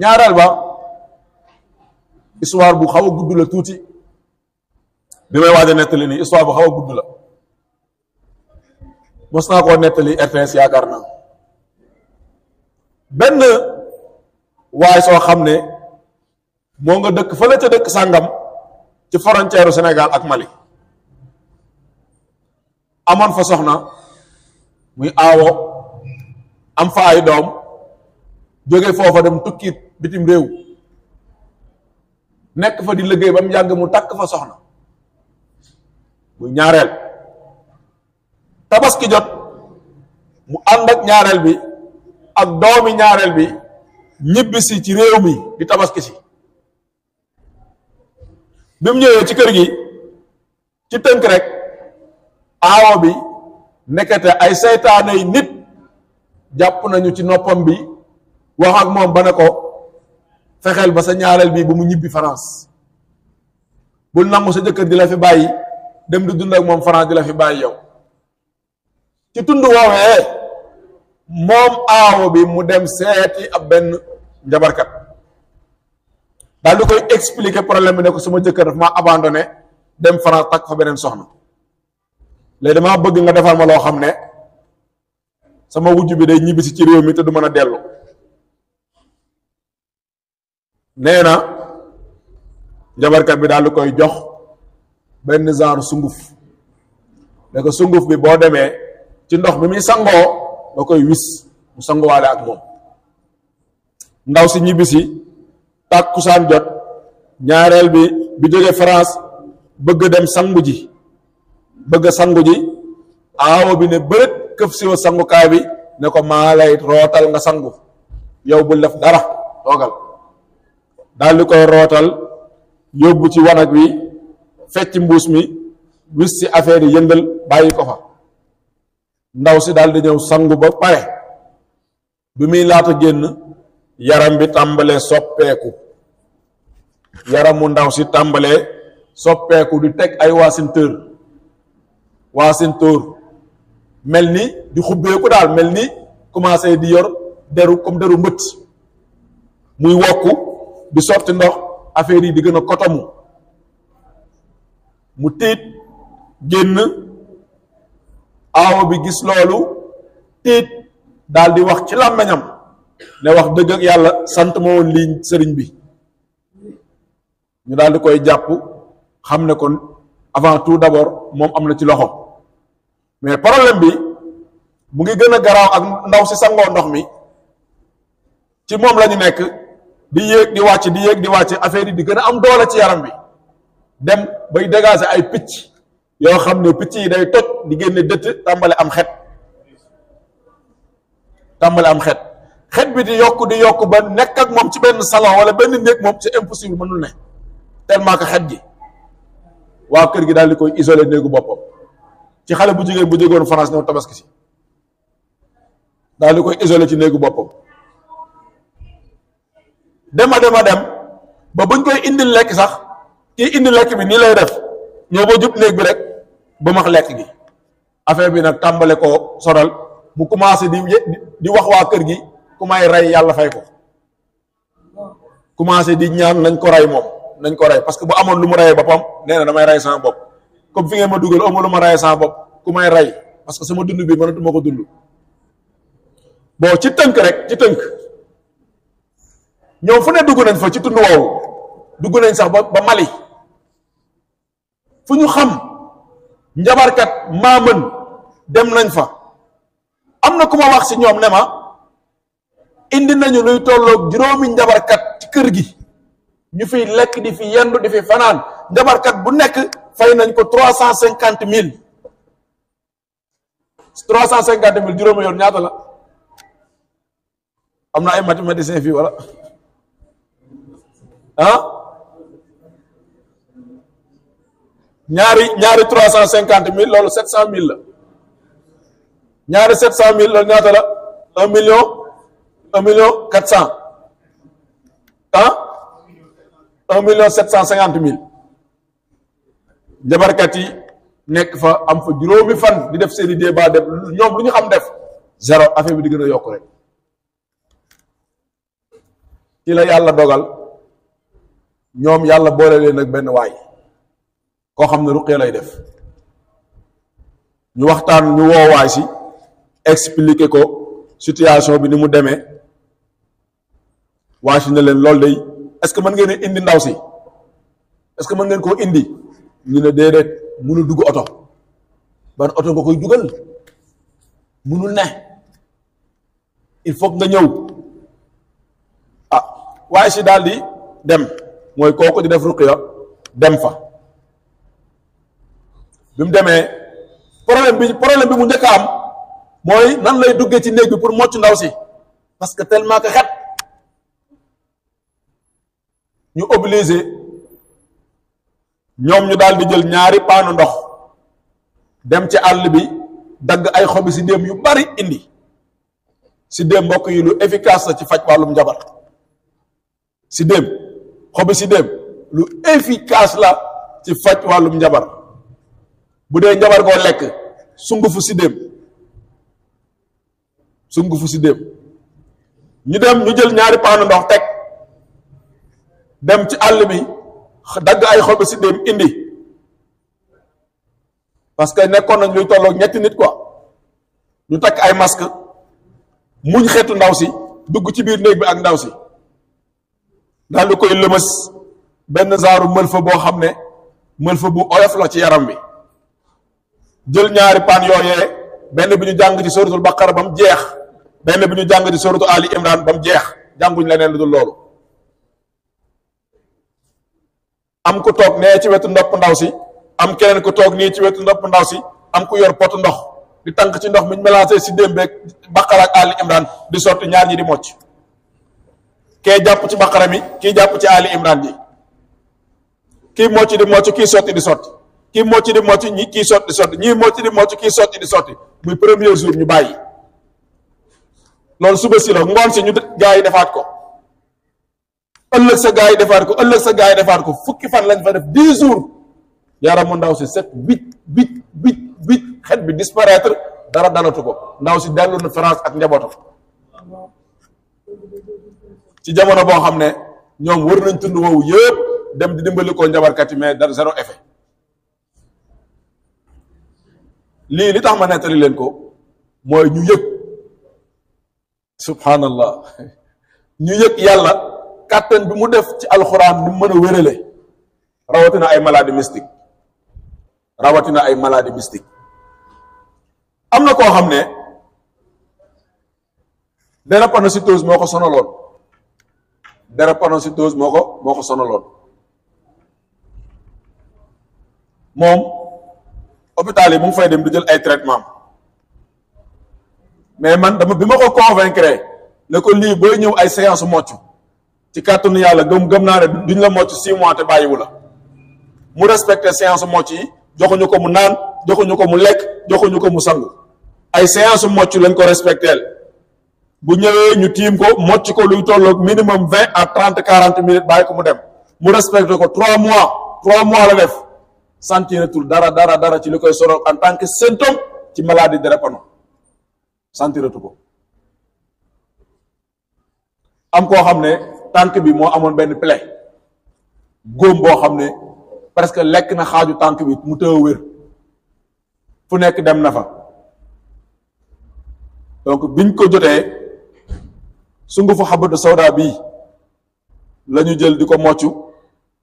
ñaareel ba histoire bu xaw a gudd la tuuti bi may waaj a nettali nii histoire bu xaw a gudd la mos naa koo nettali RTS yaakaar naa benn waaye soo xam ne moo nga dëkk fële ca dëkk sàngam ci frontière Sénégal ak Mali amoon fa soxna muy aawo am fa ay doom jóge foofa dem tukkiit bitim réew nekk fa di liggéey ba mu yàgg mu takk fa soxna muy ñaareel tabaski jot mu ànd ak ñaareel bi ak doomi ñaareel bi ñibbisi ci réew mi di tabaski si bi mu ñëwee ci kër gi ci tënk rek aawo bi nekkete ay seytaane nit jàpp nañu ci noppam bi wax ak moom ba ne ko fexel ba sa ñaaral bi bu mu ñibbi France bu nangu sa jëkkër di la fi bàyyi dem di dund ak moom France di la fi bàyyi yow ci tund woowee moom aawo bi mu dem seeti ab benn njabarkat daal di koy expliquer problème bi ne ko sama jëkkër daf maa abandonné dem France takk fa beneen soxna léegi dama bëgg nga defal ma loo xam ne sama wujj bi day ñibbisi ci réew mi te du mën a dellu nee na njabarkat bi daal di koy jox benn genre sunguf ne ko sunguf bi boo demee ci ndox bi muy sangoo nga koy wis mu sanguwaale ak moom ndaw si ñibbisi tàkkusaan jot ñaareel bi bi jóge France bëgg dem sangu ji bëgg sangu ji aawo bi ne bërët këf si wa sangukaay bi ne ko maa lay rootal nga sangu yow bul def dara toogal daal di koy rootal yóbbu ci wanag wi fecc mbuus mi wis ci affaire yi yëngal bàyyi ko fa ndaw si daal di ñëw sangu ba pare bi muy laata génn yaram bi tàmbalee soppeeku yaramu ndaw si tàmbalee soppeeku di teg ay waasinteur waasinteur mel ni di xubbeeku daal mel ni commencé di yor deru comme deru mbët muy wokku di sorti ndox affaire yi di gëna kotomu mu teet genn aawo bi gis loolu teet daal di wax ci làmmeñam ne wax dëgg ak yàlla sant ma woon sëriñ bi ñu daal di koy jàpp xam ne kon avant tout d'abord mom am na ci loxo mais problème bi mu ngi gën a garaaw ak ndaw si sangoo ndox mi ci moom la ñu di yéeg di wàcc di yéeg di wàcc affaire yi di gën a am doole ci yaram bi dem bay dégager ay picc yoo xam ne picc yi day toj di génne dëtt tàmbale am xet tàmbale am xet xet bi di yokk di yokk ba nekk ak moom ci benn salon wala benn néeg moom c'est impossible mënul ne tellement que xet gi waa kër gi daal di koy isolé néegu boppam ci xale bu jigéen bu jógoon France ñëw tabaski si daal di koy isolé ci néegu boppam dem dem dem ba buñ koy indi lek sax ki indi lek bi ni lay def ñoo bo jup néeg bi rek ba ma lek gi affaire bi nak tambalé ko soral mu commencé di di wax wa kër gi ku may rey fay ko commencé di ñaan nañ ko ray mom nañ ko ray parce que bu amoon lu mu ray boppam damay ray sama bop comme fi ngeen ma duggal lu ma ray sama bop ku may ray. parce que sama dund bi mënatuma mako dund bo ci teunk rek ci teunk ñoom fu ne dugg nañ fa ci tund woowu dugg nañ sax ba ba Mali fu ñu xam njabarkat maa dem nañ fa am na ku ma wax si ñoom ne ma indi nañu luy tolloog juróomi njabarkat ci kër gi ñu fiy lekk di fi yendu di fi fanaan njabarkat bu nekk fay nañ ko trois cent cinquante mille trois cent cinquante mille juróomi yoon ñaata la am na ay mathématicien fii wala ah ñaari ñaari trois cent cinquante mille loolu sept cent mille ñaari sept mille ñaata la un million un million quatre cent ah un million sept cent cinquante mille jabarkat yi nekk fa am fa juróomi fan di def seeni débat def ñoom lu ñu am def zéro affaire bi di gën a yokk rek ci la yàlla dogal ñoom yàlla boole leen ak benn waay koo xam ne ruqee lay def ñu waxtaan ñu woo waay si explique ko situation bi ni mu demee waay si ne leen loolu day est-ce que mën ngeen indi ndaw si est que mën ngeen koo indi ñu ne déedéet mënul dugg oto ban oto nga koy dugal mënul ne il faut nga ñëw ah waaye si daal di dem mooy kooku di def ruqya dem fa bi mu demee problème bi problème bi mu njëkk a am mooy nan lay duggee ci néeg bi pour mocc ndaw si parce que tellement que xet ñu obligé ñoom ñu daal di jël ñaari paanu ndox dem ci àll bi dagg ay xobi si déem yu bari indi si déem mbokk yi lu efficace la ci faj wàllum jabar si déem xobu siddéem dem lu efficace la ci faj wàllum njabar bu dee njabar koo lekk sungufu siddéem sungufu siddéem ñu dem ñu jël ñaari paanu ndox teg dem ci àll bi dagg ay xobu si indi parce que nekkoon nañ ñuy tolloog ñetti nit ko ñu takk ay masque muñ xeetu ndaw si dugg ci biir néeg bi ak ndaw si daal di koy lëmës benn zaaru mëlfa boo xam ne mëlfa bu oyof la ci yaram bi jël ñaari paan yooyee benn bi ñu jàng ci suratul ba mu jeex benn bi ñu jàng ci suratu ali imran ba mu jeex jànguñ leneen lu dul loolu am ku toog nee ci wetu ndopp ndaw si am keneen ku toog nii ci wetu ndopp ndaw si am ku yor pot ndox di tànk ci ndox mi ñu mélangé si démbeeg baqara ak ali imran di sotti ñaar ñi di mocc kee jàpp ci baqara mi kii jàpp ci ali imran ji kii mocc di mocc kii sotti di sotti kii mocc di mocc ñi kii sotti di sotti ñii mocc di mocc kii sotti di sotti muy premier jour ñu bàyyi loolu suba si la ngoon si ñu gaa yi defaat ko ëllëg sa gaa yi defaat ko ëllëg sa gaa yi defaat ko fukki fan lañ fa def dix jours yaram mu ndaw si sept huit huit huit huit xet bi disparaître dara dalatu ko ndaw si dellu na France ak njabootam ci jamono boo xam ne ñoom wër nañ tund woowu yëpp dem di dimbali koo njabarkat yi mais dara zéro effet lii li tax ma nettali leen ko mooy ñu yëg subhanallah ñu yëg yàlla kàttan bi mu def ci alxuraan ni mu mën a wérale rawatina ay maladie mystique rawatina ay maladie mystique am na koo xam ne si drépanocytose moo ko sonaloon drépanocytose moo ko moo ko sonaloon moom hôpital yi mu ngi fay dem du jël ay traitement mais man dama bi ma ko convaincre ne ko lii booy ñëw ay séance mocc ci nu yàlla gëm gëm naa ne duñ la mocc six mois te bàyyiwu la mu respecté séance mocc yi joxuñu ko mu naan joxuñu ko mu lekk joxuñu ko mu sangu ay séance mocc lañ ko respecteel bu ñëwé ñu tim ko mocc ko luy tollok minimum 20 à 30 40 minutes bay ko mu dem mu respecté ko 3 mois 3 mois la def tout dara dara dara ci likoy soro en tant que symptôme ci maladie de Raynaud tout ko am ko xamné tank bi mo amone ben plaie gom bo xamné presque lek na xaju tank bi mu teew wér fu nek dem nafa donc biñ ko joté sungufu xabatu sawda bii la ñu jël di ko moccu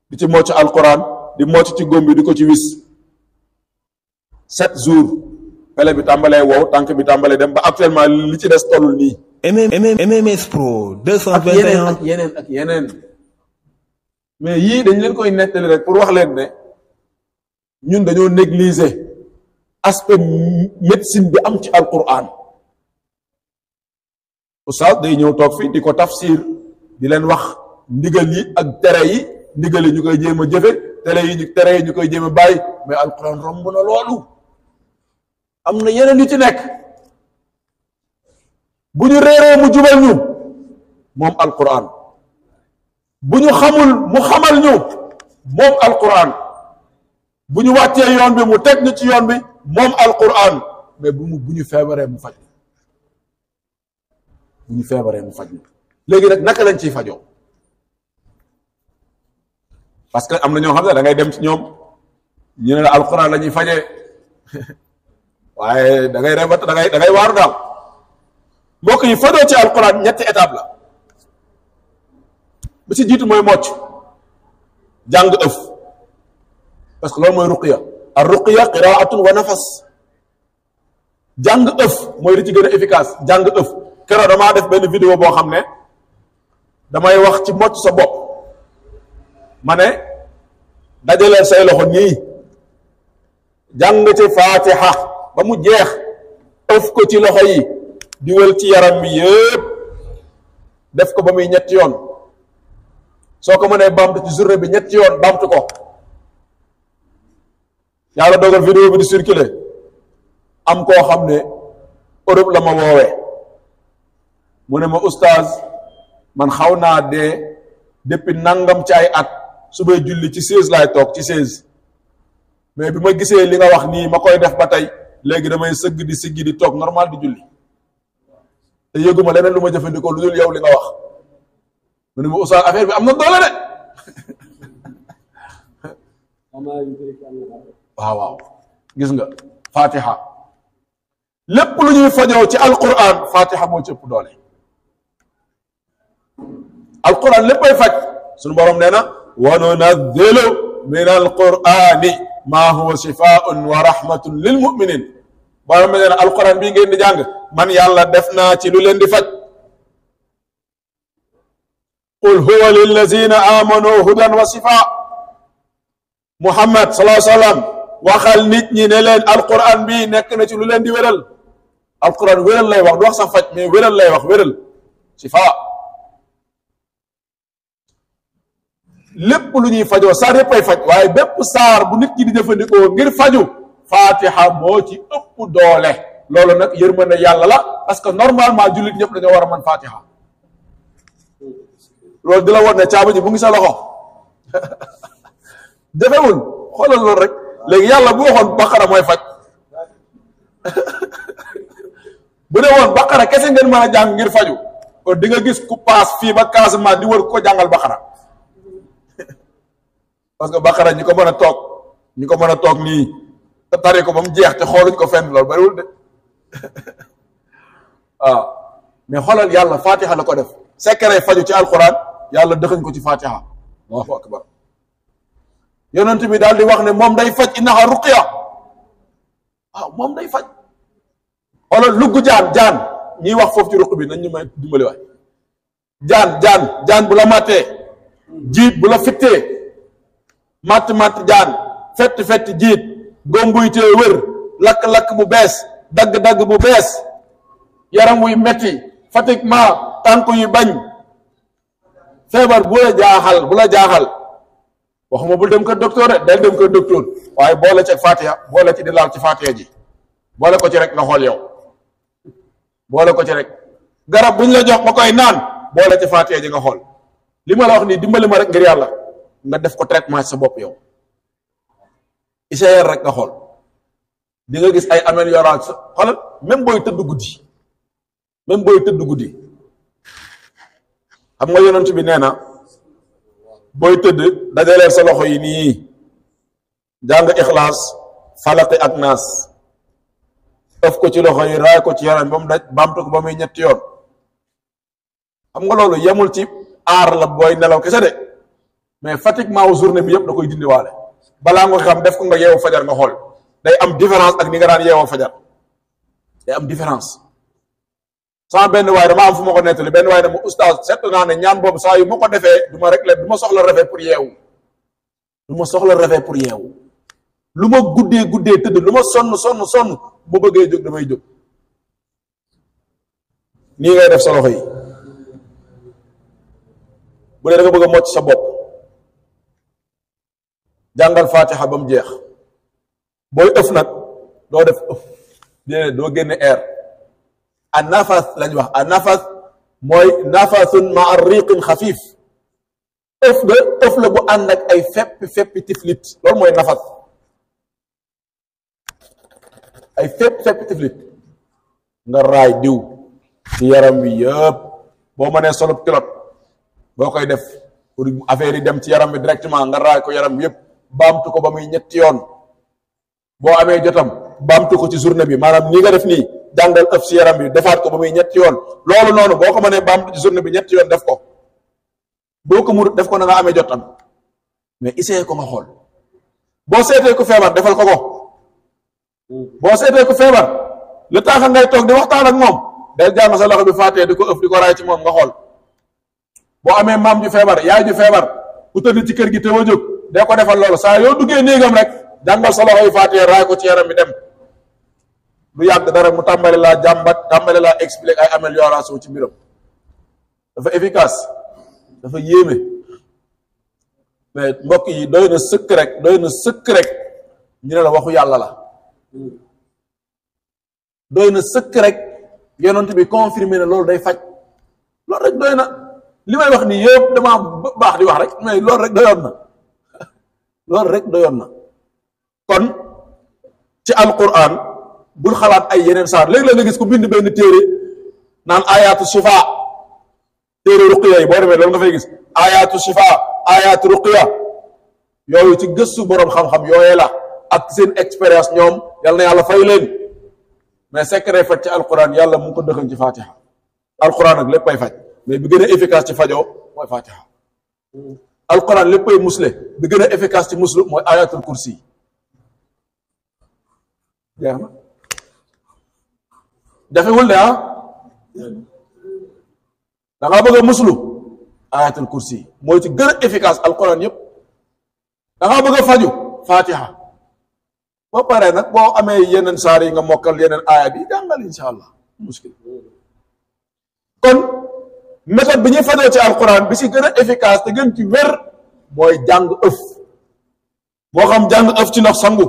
di ci mocc alquran di mocc ci góom bi di ko ci wis sept jours pele bi tàmbalee wow tànk bi tàmbalee dem ba actuellement li ci des tollul nii. MMS Pro. 221 ak yeneen ak yeneen mais yii dañ leen koy nettali rek pour wax leen ne ñun dañoo négliger aspect médecine bi am ci alquran. oustaz day ñëw toog fii di ko tafsir di leen wax ndigal yi ak tere yi ndigal yi ñu koy jéem a jëfe tere yi ñu tere yi ñu koy jéem a bàyyi mais alquran romb na loolu am na yeneen yu ci nekk bu ñu réeree mu jubal ñu moom alquran bu ñu xamul mu xamal ñu moom alquran bu ñu wàccee yoon bi mu teg ñu ci yoon bi moom alquran mais bu mu bu ñu feebaree mu faj bu ñu feebaree mu faj léegi nag naka lañ ciy fajoo parce que am na ñoo xam ne dangay dem ci ñoom ñu ne la alxuraan la ñuy fajee waaye dangay ngay rebat dangay ngay da waaru daal mbokk yi fajoo ci alxuraan ñetti étape la ba si jiitu mooy mocc jàng ëf parce que loolu mooy ruqiya ar ruqiya wa nafas jàng ëf mooy li ci gën a efficace jàng ëf keroog damaa def benn vidéo boo xam ne damay wax ci mocc sa bopp ma ne dajaleel say loxo nii jàng ci faatiha ba mu jeex ëf ko ci loxo yi diwal ci yaram bi yëpp def ko ba muy ñetti yoon soo ko mënee bamtu ci journée bi ñetti yoon bamtu ko yàlla dogal vidéo bi di circuler am koo xam ne Europe la ma woowee mu ne ma oustaz man xaw naa dee depuis nangam ci ay at su may julli ci seize laay toog ci seize mais bi ma gisee li nga wax nii ma koy def ba tey léegi damay sëgg di siggi di toog normal di julli te yëguma leneen lu ma jëfandikoo lu dul yow li nga wax mu ne ma oustaz affaire bi am na doole de waaw waaw gis nga fatiha lépp lu ñuy fajoo ci alquran fatiha moo ci doole القران ليباي فاج سونو بوروم نينا وننزل من القران ما هو شفاء ورحمه للمؤمنين بوروم نينا القران بي نين جانغ مان يالا ديفنا سي لو لين دي فاج قل هو للذين امنوا هدى وشفاء محمد صلى الله عليه وسلم وخال نيت ني نلين القران بي نيك نا لو لين دي ويرال القران ويرال لاي واخ دو سا فاج مي ويرال لاي واخ ويرال شفاء lépp lu ñuy fajoo saar yëpp ay faj waaye bépp saar bu nit ki di jëfandikoo ngir faju faatiha moo ci ëpp doole loolu nag yërmande yàlla la parce que normalement jullit ñëpp dañoo war a mën faatiha loolu di la woon ne caaba ji mu ngi sa loxo jafewul xoolal loolu rek léegi yàlla bu waxoon baqara mooy faj bu dee woon baqara kese ngeen mën a jàng ngir faju kon di nga gis ku paas fii ba Casamance di war ko jàngal baqara parce que baqara ñi ko mën a toog ñi ko mën a toog nii te tari ko ba mu jeex te xooluñ ko fenn loolu bariwul de waaw ah, mais xoolal yàlla fatiha la ko def secret faju ci alquran yàlla dëxañ ko ci fatiha allahu akbar yonent bi daal di wax ne moom day faj innaha ruqya waaw ah, moom day faj xoolal lugg jaan jaan ñiy wax foofu ci ruq bi nañ ñu may dimbali waay jaan jaan jaan bu la màttee jiit bu la fittee mat mat jaan fet jit jiit gombuytee wër lak lak bu bes dag-dag bu bes yaram wuy metti ma tanku yu bañ febar bu la jaaxal bu la jaaxal waxuma bu dem ko docteur rek dem ko docteur bo la ci fatiha la ci di laal ci fatiha ji la ko ci rek na xol yow la ko ci rek garab buñ la jox ba naan bo la ci fatiha ji nga xol lima la wax ni dimbali ma rek ngir yalla nga def ko traitement sa bop yow ICR rek nga xol di nga gis ay amélioration xol même boy teud guddi même boy teud guddi xam nga yonent bi nee na booy tëdd dajaleel sa loxo yi ni jang ikhlas falaqi ak nas def ko ci loxo yi raay ko ci yaram bam daj bamtu ko bamuy ñett yoon xam nga lolu yamul ci ar la boy nelaw kessa de mais fatiguement wu journée bi yëpp da koy dindiwaale balaa nga xam def ko nga yeewoo fajar nga xool day am différence ak ni nga daan yeewoo fajar day am différence sans benn waay dama am fu ma ko nettali benn waay ne ma oustaz seetlu naa ne ñaan boobu saa yu ma ko defee du ma ma soxla refet pour yeewu ma soxla refet pour yeewu lu ma guddee guddee tëdd lu ma sonn sonn sonn bu bëggee jóg damay jóg nii ngay def sa loxo yi bu dee da nga bëgg a mocc sa bopp jàngal fatiha ba mu jeex booy ëf nag doo def ëf déedéet doo génne air a nafas lañu wax a nafas mooy nafasun ma riqin xafiif ëf ëf la bu ànd ak ay feppi feppi tiflit loolu mooy nafas ay fépp fépp tiflit nga raay diw ci yaram wi yëpp boo mënee solub kilot boo koy def pour affaire yi dem ci yaram wi directement nga raay ko yaram wi yëpp baamtu ko ba muy ñetti yoon boo amee jotam baamtu ko ci journée bi maanaam ni nga def nii jàngal ëf si yaram bi defaat ko ba muy ñetti yoon loolu noonu boo ko mënee baamtu ci journée bi ñetti yoon def ko boo ko mu def ko na amee jotam mais essayé ko nga xool boo seetee ku feebar defal ko ko boo seetee ku feebar le temps que ngay toog di waxtaan ak moom day jàng sa loxo bi fàttee di ko ëf di ko raay ci moom nga xool boo amee maam ju feebar yaay ju feebar ku ci kër gi te wa jóg de ko defal loolu saa yoo duggee néegam rek jàngal sa loxo ay faatee raay ko ci yaram bi dem lu yàgg dara mu tàmbali laa jàmbat tàmbali laa expliquer ay amélioration ci mbiram dafa efficace dafa yéeme mais mbokk yi doy na sëkk rek doy na sëkk rek ñu ne la waxu yàlla la doy na sëkk rek yonent bi confirmé ne loolu day faj loolu rek doy na li may wax nii yëpp dama baax di wax rek mais loolu rek doyoon na loolu rek doyoon na kon ci alquran bul xalaat ay yeneen saar léeg-léeg nga gis ku bind benn téere naan ayaatu shifa téere ruqiya yi boo demee loolu nga fay gis ayaatu shifa ayaatu ruqiya yooyu ci gëstu boroom xam-xam yooyee la ak seen expérience ñoom yal na yàlla fay leen mais secret faj ci alquran yàlla mu ngi ko dëxañ ci fatiha alquran ak lépp ay faj mais bi gën a efficace ci fajoo mooy fatiha alquran lepp ay musle bi gëna efficace ci muslu moy ayatul kursi ya, jeex dafa wul da da ya. nga bëgg a muslu ayatul kursi moy ci gëna efficace alquran yëpp da nga bëgg faju fatiha ba paré nak bo amé yenen saari nga mokal yenen aya bi jàngal inshallah allah muskil kon méthode bi ñuy fajoo ci alquran bi si gën a efficace te gën ci wér mooy jàng ëf moo xam jàng ëf ci ndox sangu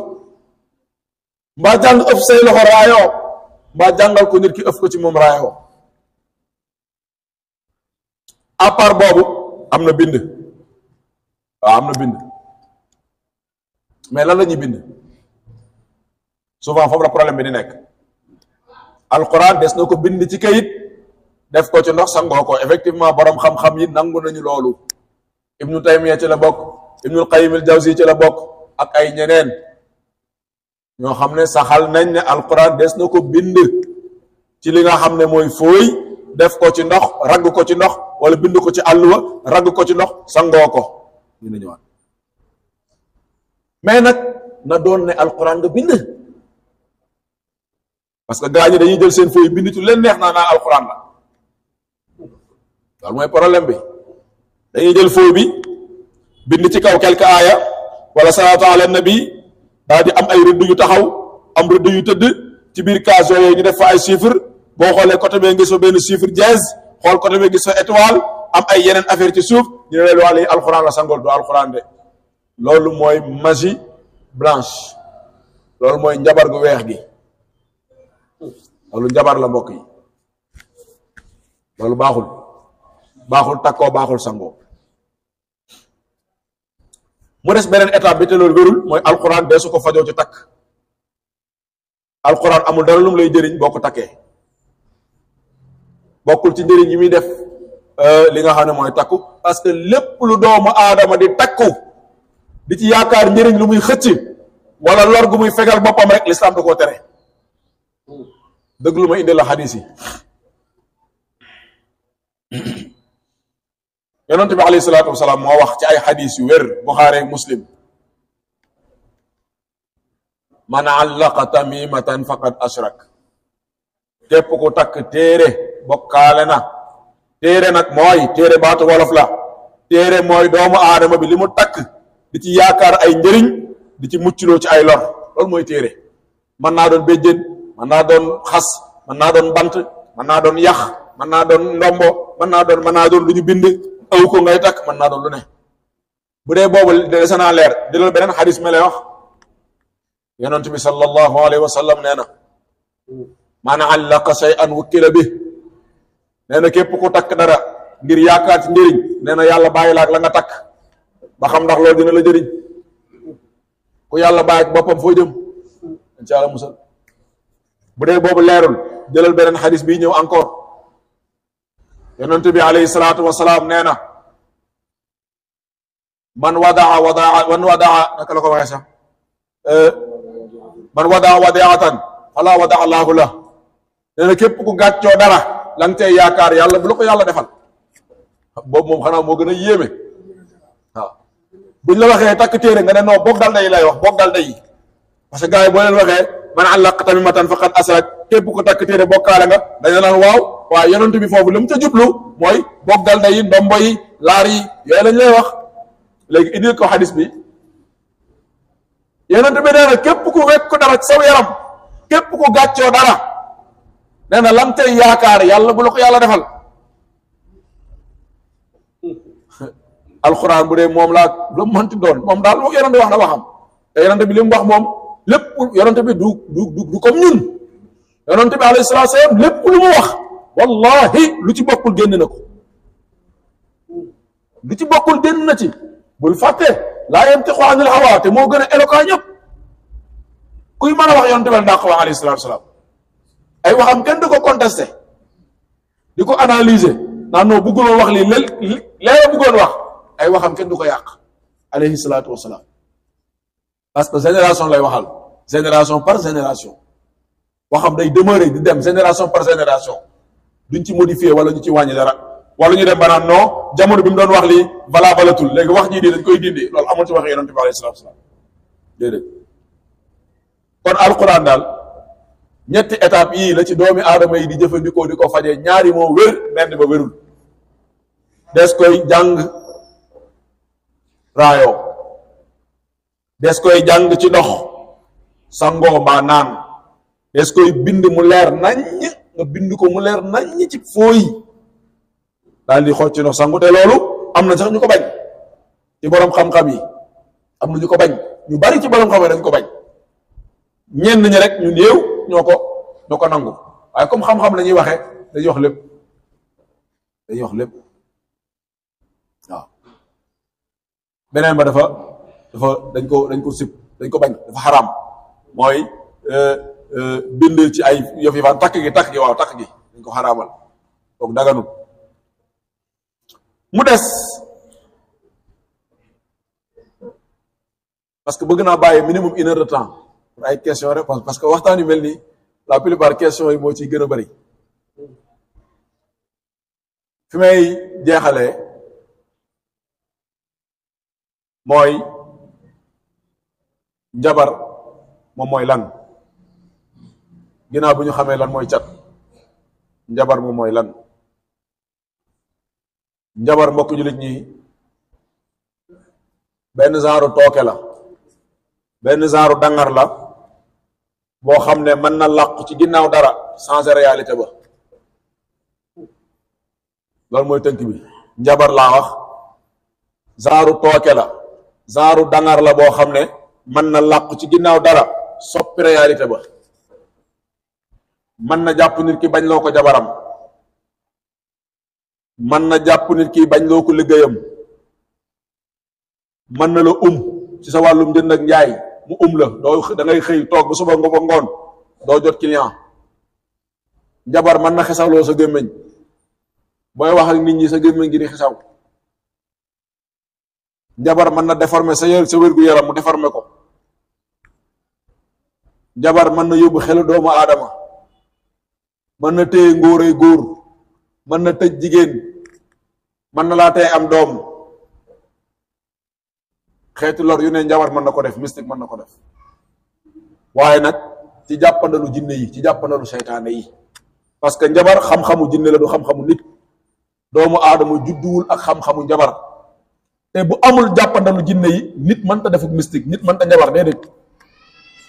mbaa jàng ëf say loxo raayoo mbaa jàngal ko nit ki ëf ko ci moom raayoo à boobu am na bind waaw am na bind mais lan la ñuy bind souvent foofu la problème bi ni nekk alquran des na ko bind ci kayit def ko ci ndox sangoo ko effectivement borom xam-xam yi nangu nañu loolu ibnu taymiya ci la bokk ibnul qayyimil jawzi ci la bokk ak ay ñeneen ñoo xam ne saxal nañ ne alquran des na ko bind ci li nga xam ne mooy fooy def ko ci ndox ragg ko ci ndox wala bind ko ci àlluwa ragg ko ci ndox sangoo ko dina ñëwaat nag na doon ne alquran nga bind parce que ñi dañuy jël seen fooy bind tu leen neex naa naa alquran la loolu mooy problème bi dañuy jël foo bi bind ci kaw quelque aaya wala salaatu ala nabi daal di am ay rëdd yu taxaw am rëdd yu tëdd ci biir case yooyu ñu def fa ay chiffres boo xoolee côté bee gisoo benn chiffre dièse xool côté bee gisoo étoile am ay yeneen affaire ci suuf ñu ne leen waa lii alxuraan la sangool du alxuraan de loolu mooy magie blanche loolu mooy njabar gu weex gi loolu njabar la mbokk yi loolu baaxul. baaxul takkoo baaxul sangoo mu des beneen état bi te loolu wérul mooy alxuraan dee su ko fajoo ci takk alxuraan amul dara lum lay jëriñ boo ko takkee bokkul ci njëriñ yi muy def euh, li nga xam ne mooy takku parce que lépp lu doomu aadama di takku di ci yaakaar njëriñ lu muy xëcc wala lor gu muy fegal boppam rek lislaam da koo tere dëgg lu ma indi la xadis yonent bi alayhi salaatu moo wax ci ay xadis yu wér buxaari muslim man allaqa tamimatan faqad ashrak képp ku takk téere bokkaale na téere nag mooy téere baatu wolof la téere mooy doomu aadama bi li mu takk di ci yaakaar ay njëriñ di ci muccloo ci ay lor loolu mooy téere mën naa doon béjjén mën naa doon xas mën naa doon bant mën naa doon yax mën naa doon ndombo mën naa doon mën naa doon ñu bind aw ko ngay tak man na do lu ne bu dee boobu dana sana leer dilal beneen xadis ma lay wax yanantu bi sallallahu alayhi wa sallam nee man allaqa shay'an wukkila bi neena kep ko tak dara ngir yaakaar ndirign neena yalla na yàlla la ak la nga tak ba xam ndax lo dina la jëriñ ku yalla bàyyi ak bopam fo dem inshallah musal bu bobu boobu jëlal benen hadith bi ñew encore yonent bi alayhi salaatu wasalaam nee na man wadaa wadaa man wadaa naka la ko waxee sax eh, man wadaa wadaatan fala wadaa allahu la nee na képp ku gàccoo dara la nga tey yaakaar yàlla bu la ko yàlla defal boobu moom xanaa moo gën a yéeme waaw buñ la waxee takk téere nga ne non boog dal day lay wax boog dal day parce que gars yi boo leen waxee man àllaq tamimatan faqad asrak képp ku takk téere bokkaale nga dañ la naan waaw waaye yonent bi foofu li mu ca jublu mooy lari, day yi ndombo yi laar yi yooyu lañ lay wax léegi indil ko xadis bi yonent bi nee na képp ku wekk dara ci saw yaram képp ku gàccoo dara nee na lam tey yaakaar yàlla bu la ko yàlla defal alquran bu dee moom laa la mënti doon moom daal moom yonent bi wax na waxam te yonent bi li mu wax moom lépp yonent bi du du du comme ñun yonent bi alayhi salaam lépp lu mu wax wallahi lu ci bokkul génn na ko lu ci bokkul génn na ci bul fàtte laa yamtiqu anil hawaa te moo gën a éloquent ñëpp kuy mën a wax yonent bi ndàq wax ay waxam kenn du ko contesté di ko analyser naan non bëgguloon wax lii léegi léegi bëggoon wax ay waxam kenn du ko yàq alayhi salaatu wasalaam parce que génération lay waxal génération par génération waxam day demeurer di dem génération par génération duñ ci modifier wala ñu ci wàññi dara wala ñu dem ba naan jamono bi mu doon wax lii valabalatul léegi wax jii di dañ koy dindi loolu amul ci waxe yonente bi alayhi salaatu salaam daal ñetti étape yii la ci doomi aadama yi di jëfandikoo di ko fajee ñaari moo wér benn ba wérul des koy jàng raayoo des koy jàng ci ndox sangoo mbaa naan des koy bind mu leer naññ nga bind ko mu leer nañ ci fooy daal di xocc ndox sangu te loolu am na sax ñu ko bañ ci borom xam-xam yi am na ñu ko bañ ñu bari ci borom xam yi dañ ko bañ ñenn ñi rek ñu néew ñoo ko ñoo ko nangu waaye comme xam-xam la ñuy waxee dañuy wax lépp dañuy wax lépp waaw beneen ba dafa dafa dañ ko dañ ko sib dañ ko bañ dafa xaraam mooy euh, Eh, bind ci ay yof yi fan takk gi tak gi waaw tak gi ñu ko haramal donc daganu mu dess parce que bëgg na bàyyi minimum une heure de temps pour ay question réponse parce que waxtaan yu melni la plupart question yi mo ci gëna bari bëri fi may jeexalee mooy njabar moom mooy lan ginnaaw bu ñu xamee lan mooy cat njabar mu mooy lan njabar mbokk jullit ñi benn genre tooke la benn genre dangar la boo xam ne mën na làqu ci ginnaaw dara sans réalité ba loolu mooy tënk bi njabar laa wax genre tooke la genre dangar la boo xam ne mën na làqu ci ginnaaw dara soppi réalité ba man na jàpp nit ki bañ loo ko jabaram mën na jàpp nit ki bañ loo ko liggéeyam mën na la um ci sa wàllum jënd ak njaay mu um la doo da ngay xëy toog ba suba nga ba ngoon doo jot client jabar man na xesaloo sa gémmiñ booy wax nit ñi sa gémmiñ gi di xesaw jabar man na déformer sa yër sa wér-gu-yaram mu déformer ko jabar man na yóbbu xelu doomu aadama mën na téye ngóoree góor mën na tëj jigéen mën na laa tey am doom xeetu lor yu ne njabar mën na ko def mystique mën na ko def waaye nag ci jàppandalu jinne yi ci jàppandalu seytaane yi parce que njabar xam-xamu jinne la du xam-xamu nit doomu aadama judduwul ak xam-xamu njabar te bu amul jàppandalu jinne yi nit mën ta defuk mystique nit mën ta njabar déedéet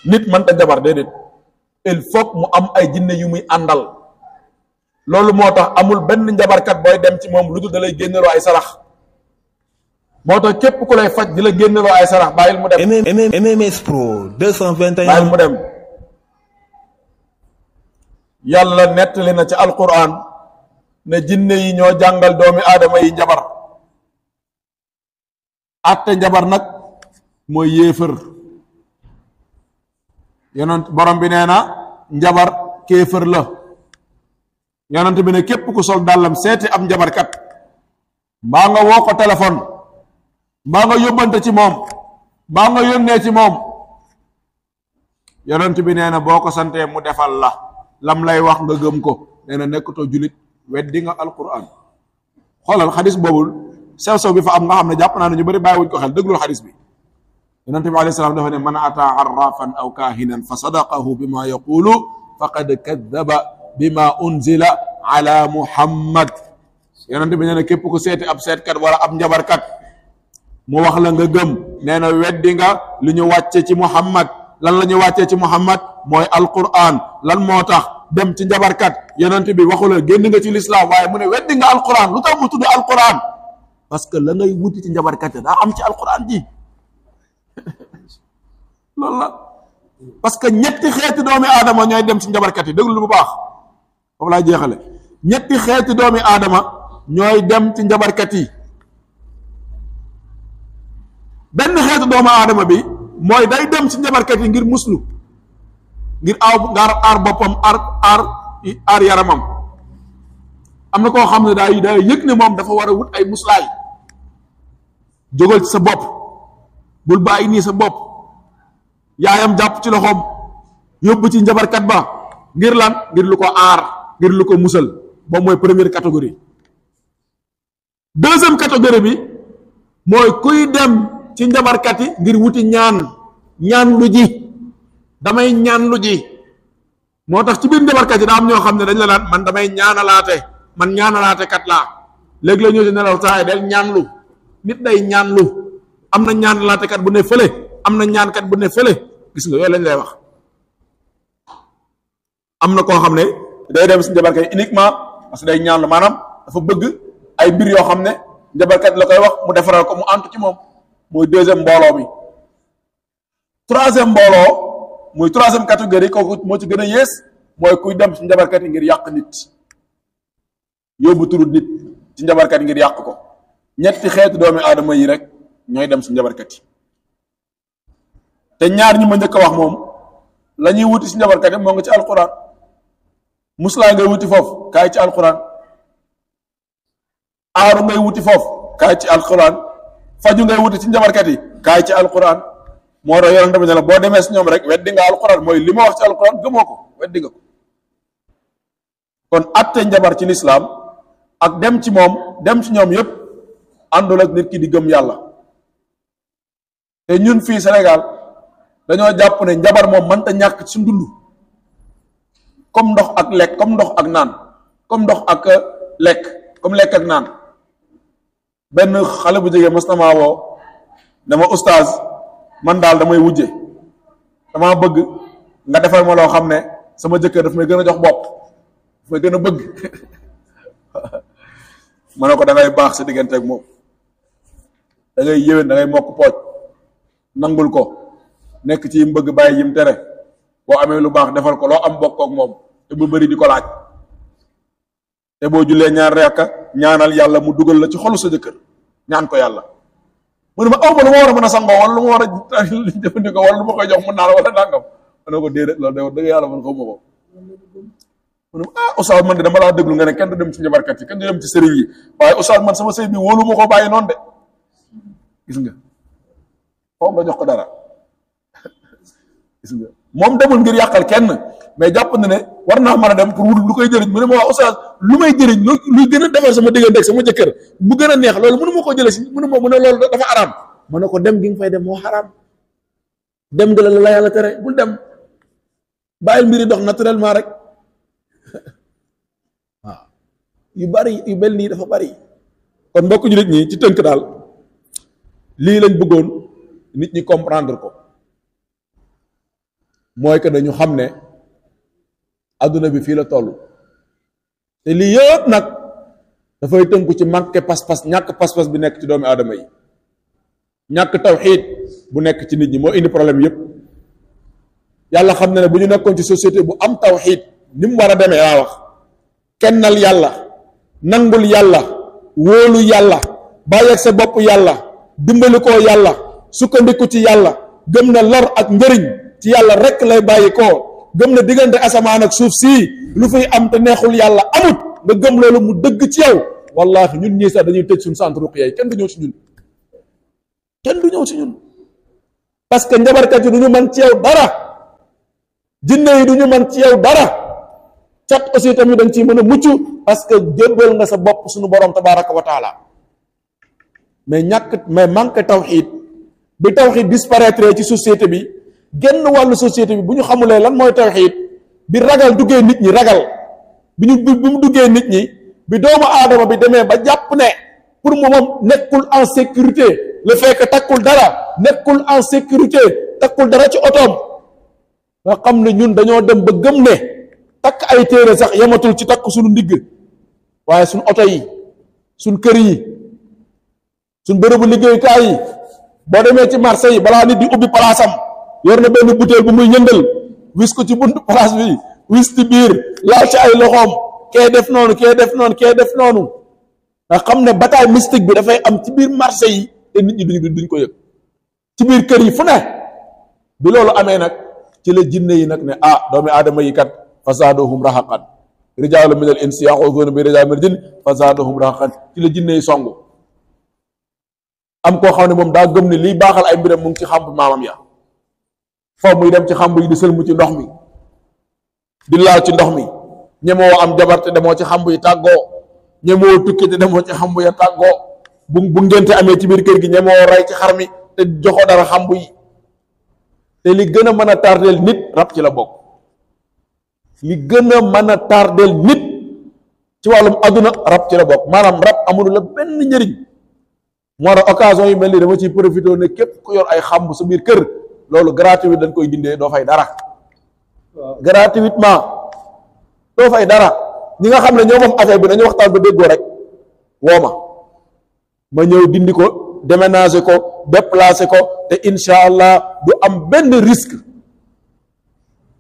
nit mën ta njabar déedéet il faut mu am ay jinne yu muy àndal Lalu motax amul amul njabar kat boy dem ci mom luddul dalay da lay ay sarax motax kep képp ku lay fajj dila la ay sarax bayil mu dem MMS Pro 221 bayil mu dem yalla nettali na ci alquran ne jinne yi ño jangal doomi adama yi njabar atte njabar nak moy yefer yonent borom bi neena njabar kefer la yonante bi ne képp ku sol dàllam seeti am njabarkat mbaa nga woo ko téléphone mbaa nga yóbbante ci moom mbaa nga yónnee ci moom yonante bi nee na boo ko santee mu defal la lam lay wax nga gëm ko nee na julit weddi nga alquran xoolal xadis boobul sew sew bi fa am nga xam ne jàpp naa ne ñu bëri bàyyi wuñ ko xel dëglul xadis bi yonante bi alayhi salaam dafa ne man ata arrafan aw kahinan fa sadaqahu bima yaqulu faqad kadaba bima unzila ala muhammad yonent bi neena kep ko seeti ab kat wala ab kat mu wax la nga gem neena weddi nga wacce ci muhammad lan lañu wacce ci muhammad moy alquran lan motax dem ci kat yonent bi waxu la genn nga ci l'islam waye mu ne weddi nga alquran lu mu tuddu alquran parce que la ngay wuti ci kat da am ci alquran ji loolu la parce que ñetti xéetu doomi adam ñoy dem ci kat deug lu bu baax foofu la jeexale ñetti xeeti doomi aadama ñooy dem ci njabarkat yi benn xeetu doomi aadama bi mooy day dem ci njabarkat yi ngir muslu ngir aw ngar ar boppam ar ar ar yaramam am na koo xam ne daay daay yëg ne moom dafa war a wut ay muslaay jógal ci sa bopp bul bàyyi nii sa bopp yaayam jàpp ci loxoom yóbbu ci njabarkat ba ngir lan ngir lu ko ngir lu ko musal ba mooy première catégorie deuxième catégorie bi mooy kuy dem ci njabarkat yi ngir wuti ñaan ñaan ji damay ñaan lu ji moo tax ci biir njabarkat yi daa am ñoo xam ne dañ la naan man damay ñaanalaate man ñaanalaate kat laa léegi la ñëw ci nelaw del ñaanlu nit day ñaanlu am na ñaanalaate kat bu ne fële am na ñaankat bu ne fële gis nga yooyu lañ lay wax am na koo xam ne day dem si njabarkat uniquement parce que day ñaan lu maanaam dafa bëgg ay mbir yoo xam ne njabarkat la koy wax mu defaraal ko mu antu ci moom mooy deuxième mbooloo mi troisième mbooloo muy troisième catégorie kooku moo ci gën a yées mooy kuy dem si njabarkat yi ngir yàq nit yóbbu turut nit ci njabarkat yi ngir yàq ko ñetti xeetu doomi aadama yi rek ñooy dem si njabarkat yi te ñaar ñi ma njëkk a wax moom la ñuy wuti si njabarkat yi moo ngi ci alquran musla nga wuti fof kay ci alquran aru ngay wuti fof kay ci alquran faju ngay wuti ci njabarkat yi kaay ci alquran mo tax yonente dama la bo demé ci ñom rek weddi nga alquran moy li wax ci alquran gëmoko weddi nga kon atte njabar ci l'islam ak dem ci mom dem ci ñom yépp andul ak nit ki di gëm yalla té ñun fi sénégal dañoo japp né njabar man ta ñak ci comme ndox ak lekk comme ndox ak naan comme ndox ak euh, lekk comme lekk ak naan benn xale bu jege mas na maa dama oustaz man daal damay wujje damaa bëgg nga defal ma loo xam ne sama jëkkër daf may gën a jox bopp daf may gën a bëgg ma ne ko da ngay baax sa diggante ak moom da ngay yéwén da mokk pooj nangul ko nekk ci yim bëgg bàyyi yim tere boo amee lu baax defal ko loo am bokkook ak moom te bu bëri di ko laaj te boo jullee ñaar rekk ñaanal yàlla mu dugal la ci xolu sa jëkkër ñaan ko yàlla mu ne ma aw ma lu ma war a mën a sangoo wala lu ma a jëfandikoo wala lu ma koy jox la wala nangam ma ne ko déedéet loolu de dëgg yàlla man ko mu ne ah oustaz man de dama laa déglu nga ne kenn du dem si njabarkat yi kenn du dem ci sëriñ yi waaye oustaz man sama sëy bi wóolu ma ko bàyyi noonu de nga nga jox ko dara gis nga moom demul ngir yàqal kenn mais jàpp na ne war naa mën a dem pour lu koy jëliñ mu ne ma waa oustaz lu may jëriñ lu lu gën a defar sama diggante ak sama jëkkër mu gën a neex loolu mënu ma koo jëlee si mënu ma mu a loolu dafa araam mu ne ko dem gi nga fay dem moo xaraam dem nga la la yàlla tere bul dem bàyyil mbiri dox naturellement rek waaw yu bari yu bel nii dafa bari kon mbokk ñu nit ñi ci tënk daal lii lañ bëggoon nit ñi comprendre ko mooy que dañu xam ne àdduna bi fii la toll te lii yëpp nag dafay tënku ci manqué pas-pas ñàkk pas-pas bi nekk ci doomi aadama yi ñàkk tawxiid bu nekk ci nit ñi moo indi problème yëpp yàlla xam na ne bu ñu nekkoon ci société bu am tawxiid ni mu war a demee laa wax kennal yàlla nangul yàlla wóolu yàlla bàyyeeg sa bopp yàlla dimbali ko yàlla sukkandiku ci yàlla gëm na lor ak njëriñ ci yàlla rekk lay bàyyi ko gëm na diggante asaman ak suuf si lu fay am te neexul yalla amut nga gëm lolu mu dëgg ci yow wallahi ñun ñi sa dañuy tëj suñu centre ruqiya kenn du ñëw ci ñun kenn du ñëw ci ñun parce que njabarkat yi duñu man ci yow dara jinne yi duñu man ci yow dara cat aussi tamit dañ ci mëna muccu parce que jébbal nga sa bop suñu borom tabaraka wa taala mais ñak mais manque tawhid bi tawhid disparaître ci société bi genn wàllu société bi bu ñu xamulee lan mooy tawxiid bi ragal duggee nit ñi ragal bi ñu bi mu duggee nit ñi bi doomu aadama bi demee ba jàpp ne pour moomam nekkul en sécurité le fekk que takkul dara nekkul en sécurité takkul dara ci otoom nga xam ne ñun dañoo dem ba gëm ne takk ay téere sax yamatul ci takk suñu ndigg waaye suñu oto yi suñ kër yi suñ bërëbu liggéeyukaay yi boo demee ci marché yi balaa nit di ubbi palaasam yor na benn butéel bu muy yëndal wis ko ci buntu place bi wis ci biir laal ci ay loxoom kee def noonu kee def noonu kee def noonu nga xam ne bataille mystique bi dafay am ci biir marché yi te nit ñi duñ duñ ko yëg ci biir kër yi fu ne bi loolu amee nag ci la jinne yi nag ne ah doomi adama yi kat fasaaduhum rahaqan rijaalu min al insi yaxuduuna bi rijaal min al jinn fasaaduhum rahaqan ci la jinne yi songu am koo xam ne moom daa gëm ne lii baaxal ay mbiram mu ci xamp maamam ya foo muy dem ci xamb yi di sëlmu ci ndox mi di laal ci ndox mi ñemoo am jabar te demoo ci xamb yi tàggoo ñemoo tukki te demoo ci xamb ya tàggoo bu bu ngente amee ci biir kër gi ñemoo rey ci xar mi te joxo dara xamb yi te li gën a mën a tardeel nit rab ci la bokk li gën a mën a tardeel nit ci wàllum adduna rab ci la bokk maanaam rab amul la benn njëriñ moo tax occasion yu mel nii dama ciy profité ne képp ku yor ay xamb su biir kër loolu gratuit dañ koy bindee doo fay dara gratuitement doo fay dara ñi nga xam ne ñoo moom affaire bi nañu waxtaan ba déggoo rek woo ma ma ñëw dindi ko déménager ko déplacer ko te incha allah du am benn risque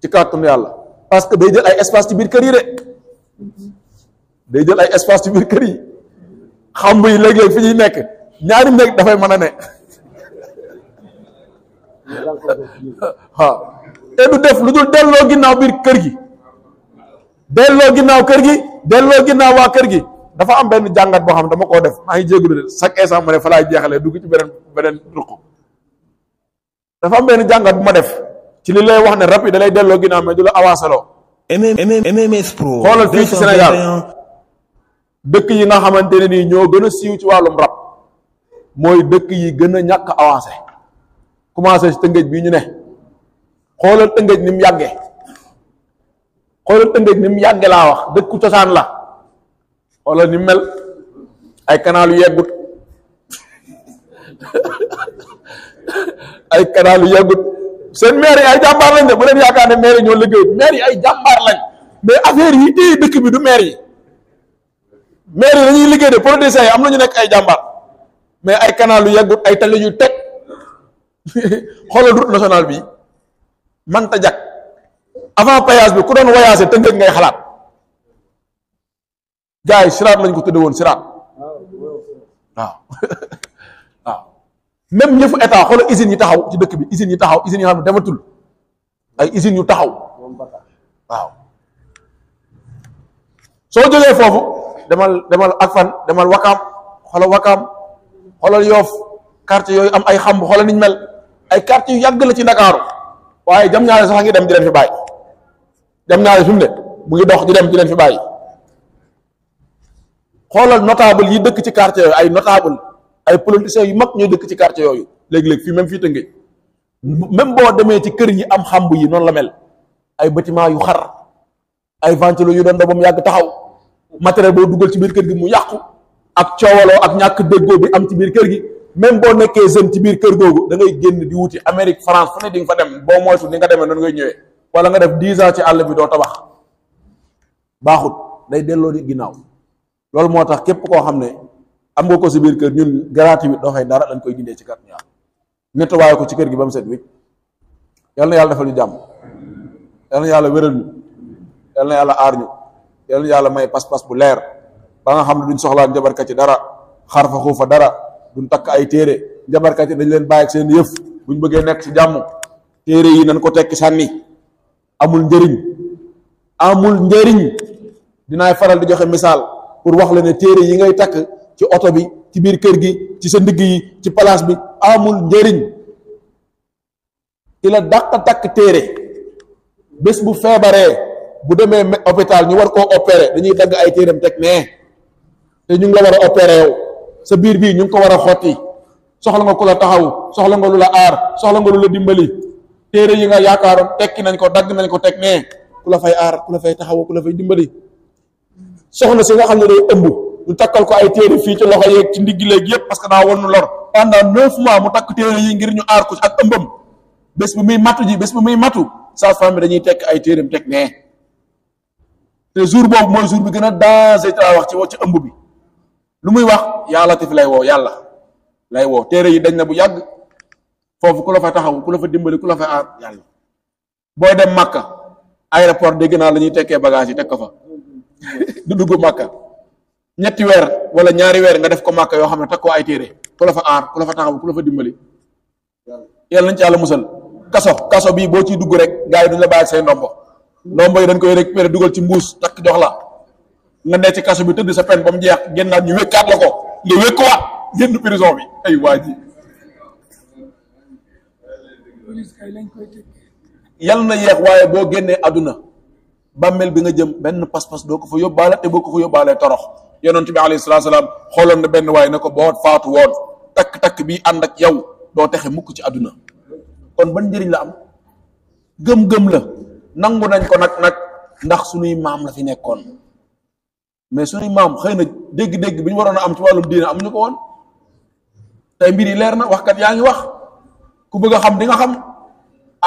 ci kàttanu yàlla parce que day jël ay espace ci biir kër yi de day jël ay espace ci biir kër yi xam bi fi ñuy nekk ñaari néeg dafay mën a ne waaw te du def lu dul delloo ginnaaw biir kër gi delloo ginnaaw kër gi delloo ginnaaw waa kër gi dafa am benn jàngat boo xam dama koo def maa ngi jégalu de chaque instant fa laay jeexalee dugg ci beneen beneen ruq dafa am benn jàngat bu ma def ci li lay wax ne rab yi da delloo ginnaaw mais du la avancé loo. MMS Pro. xoolal fii ci Sénégal dëkk yi nga xamante ne ñoo gën a siiw ci wàllum rab mooy dëkk yi gën a ñàkk avancé. commencé ci tëngëj bii ñu ne xoolal tëngëj ni mu yàggee xoolal tëngëj ni mu yàggee laa wax dëkku cosaan la xoolal ni mel ay canal yu yeggut ay canal yu seen maire yi ay jàmbaar lañ de bu leen yaakaar ne ñoo liggéeyut maire ay jàmbaar lañ mais affaire yi téye dëkk bi du maire yi dañuy liggéey de producteurs yi am na nekk ay jàmbaar mais ay canal yeggut ay tali yu xolal route national bi man ta jak avant payage bi ku doon te tëngëj ngay xalaat gars sirat lañ ko tudde won sirat waaw même ñeuf état xoolal usine yi taxaw ci dëkk bi usine yi taxaw usine yi xam ne dematul ay usine yu taxaw waaw so jëlé fofu demal demal ak fan demal wakam xoolal wakam xolal yof quartier yoy am ay xam xoolal niñ mel ay quartier yu yàgg la ci ndakaaru waaye jam ñaare sax a ngi dem di leen fi bàyyi jam naa fi mu ne mu ngi dox di dem di leen fi bàyyi xoolal notable yi dëkk ci quartier yooyu ay notable ay politiciens yu mag ñooy dëkk ci quartier yooyu léegi-léegi fii même fii Tëngéej même boo demee ci kër yi am xàmb yi noonu la mel ay bâtiment yu xar ay ventilo yu doon doomam yàgg taxaw matériel boo dugal ci biir kër gi mu yàqu ak coowaloo ak ñàkk déggoo bi am ci biir kër gi même boo nekkee jeune ci biir kër googu dangay ngay génn di wuti Amérique France fu ne di nga fa dem boo moytu ni nga demee noonu ngay ñëwee wala nga def dix ans ci àll bi doo tabax baaxut day delloo di ginnaaw loolu moo tax képp koo xam ne am nga ko si biir kër ñun gratuit doo fay dara dañ koy dindee ci kàddu ñaar nettoyé ko ci kër gi ba mu set wicc yal na yàlla defal ñu jàmm yal na yàlla wéral ñu yal na yàlla aar ñu yal na yàlla may pas-pas bu leer ba nga xam ne duñ soxlaan jabarkat ci dara xarfa xuufa dara. buñ tak ay téré jabar kat dañ leen bay ak seen yef buñ bëggé nek ci jamm téré yi nañ ko tek sanni amul ndëriñ amul ndëriñ dinaay faral di joxe misal pour wax la né téré yi ngay tak ci auto bi ci biir kër gi ci sa ndigg yi ci place bi amul ndëriñ ila la tak téré bes bu feebaree bu démé hôpital ñu war ko opérer dañuy dag ay téeram tek né té ñu nga wara sa biir bi ñu ko wara xoti soxla nga ko la taxaw soxla nga lu la ar soxla nga lu la dimbali téere yi nga yaakaaroon tekki nañ ko dagg nañ ko tek ne ku la fay ar ku la fay taxaw ku la fay dimbali soxna si nga xamne ne day ëmb ñu takkal ko ay téere fi ci loxo yeeg ci ndigi leg yépp parce que da wonu lor pendant neuf mois mu takk téere yi ngir ñu ar ko ak ëmbam bes bu muy matu ji bes bu muy matu sa famille dañuy tek ay téereem tek ne te jour bobu moy jour bi gëna danger ta wax ci ci ëmb bi lu muy wax yàlla latif lay woo yàlla lay woo téere yi dañ na bu yàgg foofu ku la fa taxaw ku la fa dimbali ku la fa aar yàlla boo dem Makka aéroport dégg naa la ñuy tekkee bagage yi teg ko fa du dugg màkka ñetti weer wala ñaari weer nga def ko Makka yoo xam ne teg ko ay téere ku la fa aar ku la fa taxaw ku la fa dimbali yàlla nañ ci yàlla musal kaso kaso bii boo ciy dugg rek gars yi duñ la bàyyi say ndombo ndombo yi dañ koy récupéré dugal ci mbuus takk jox la nga ne ci kaso bi tëdd sa peine ba mu jeex génnaat ñu wékkaat la ko nga wékkuwaat génn prison bi ay waa ji yal na yeex waaye boo génnee àdduna bàmmeel bi nga jëm benn pas-pas doo ko fa yóbbaale te boo ko fa yóbbaalee torox yonent bi alayhi salaatu salaam xooloon na benn waaye ne ko boo faatu woon takk-takk bi ànd ak yow doo texe mukk ci àdduna kon ban njëriñ la am gëm-gëm la nangu nañ ko nag nag ndax suñuy maam la fi nekkoon mais suñu imam xeyna deg deg biñu warona am ci walum diina amuñu ko won tay mbiri leer na waxkat yaa ngi wax ku bëgg xam di nga xam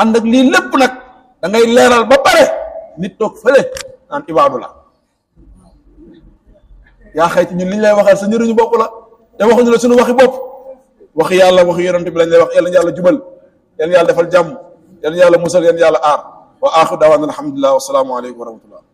and ak li lepp nak da ngay leral ba pare nit tok fele naan ibadu la ya xey ci ñun liñ lay waxal sa ruñu bokku la waxu ñu la suñu waxi bop waxi yalla waxi yaronte bi lañ lay wax yalla yalla jubal yalla yalla defal jam, yalla yalla musal yalla ar wa akhu dawana alhamdulillah wa salaamu alaykum wa rahmatullah